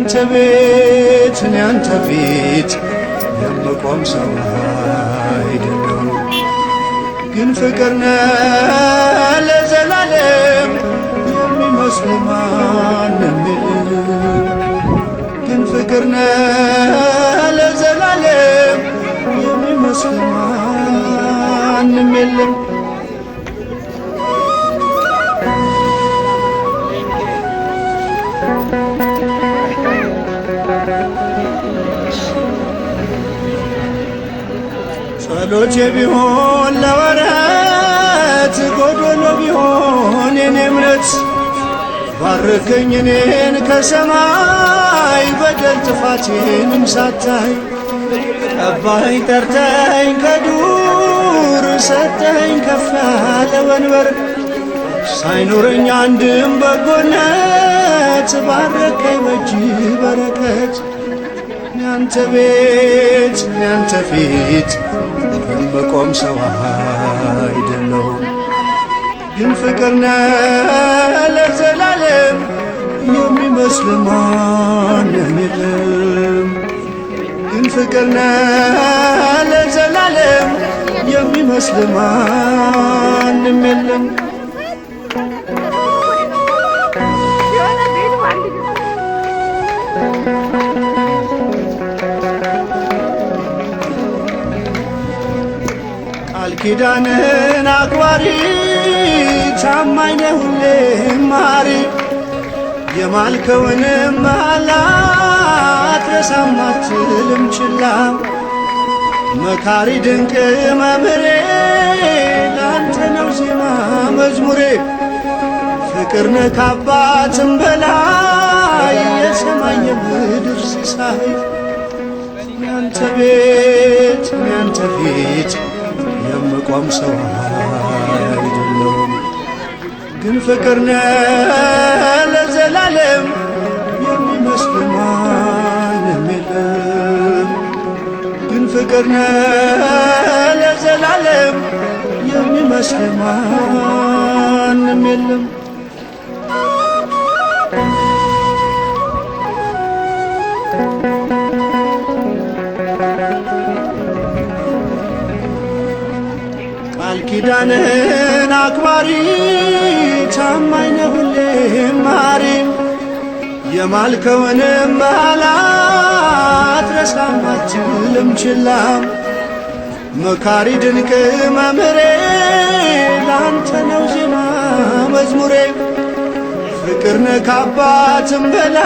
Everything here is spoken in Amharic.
ያንተ ቤት እኔ ያንተ ፊት የምቆም ሰው አይደለም፣ ግን ፍቅርነ ለዘላለም የሚመስሉ ማንም ግን ፍቅርነ ለዘላለም የሚመስሉ ማንም የለም። ጸሎቴ ቢሆን ለወረት ጎዶሎ ቢሆን የኔ እምነት ባርከኝ እኔን ከሰማይ በደል ጥፋቴንም ሳታይ ቀባኝ ጠርተኝ ከዱር ሰጠኝ ከፍ ያለ ወንበር ሳይኖረኝ አንድም በጎነት ባረከኝ በጅ በረከት ያንተ ቤት ያንተ ፊት መቆም ሰው አይደለሁም፣ ግን ፍቅር ነህ ለዘላለም የሚመስል ማንም የለም። ግን ፍቅር ነህ ለዘላለም የሚመስል ማንም የለም። ቃል ኪዳንን አክባሪ ታማኝ ነህ ማሪ የማልከውን ማላት አትረሳም ችላ መካሪ ድንቅ መምህሬ ላንተ ነው ዜማ መዝሙሬ ፍቅር ነህ በላይ የሰማይ የምድር ሲሳይ ያንተ ቤት ያንተ ፊት አቋም ሰው አይደለውም፣ ግን ፍቅር ለዘላለም የሚመስል ማንም የለም። ግን ፍቅር ነው ለዘላለም የሚመስል ማንም የለም። ቃል ኪዳንን አክባሪ ታማኝ ነህ ሁሌም ማሪ የማልከውን ማላት ረሳማችልም ችላም መካሪ ድንቅ መምህሬ ላንተ ነው ዜማ መዝሙሬ ፍቅርነ ካባትም በላ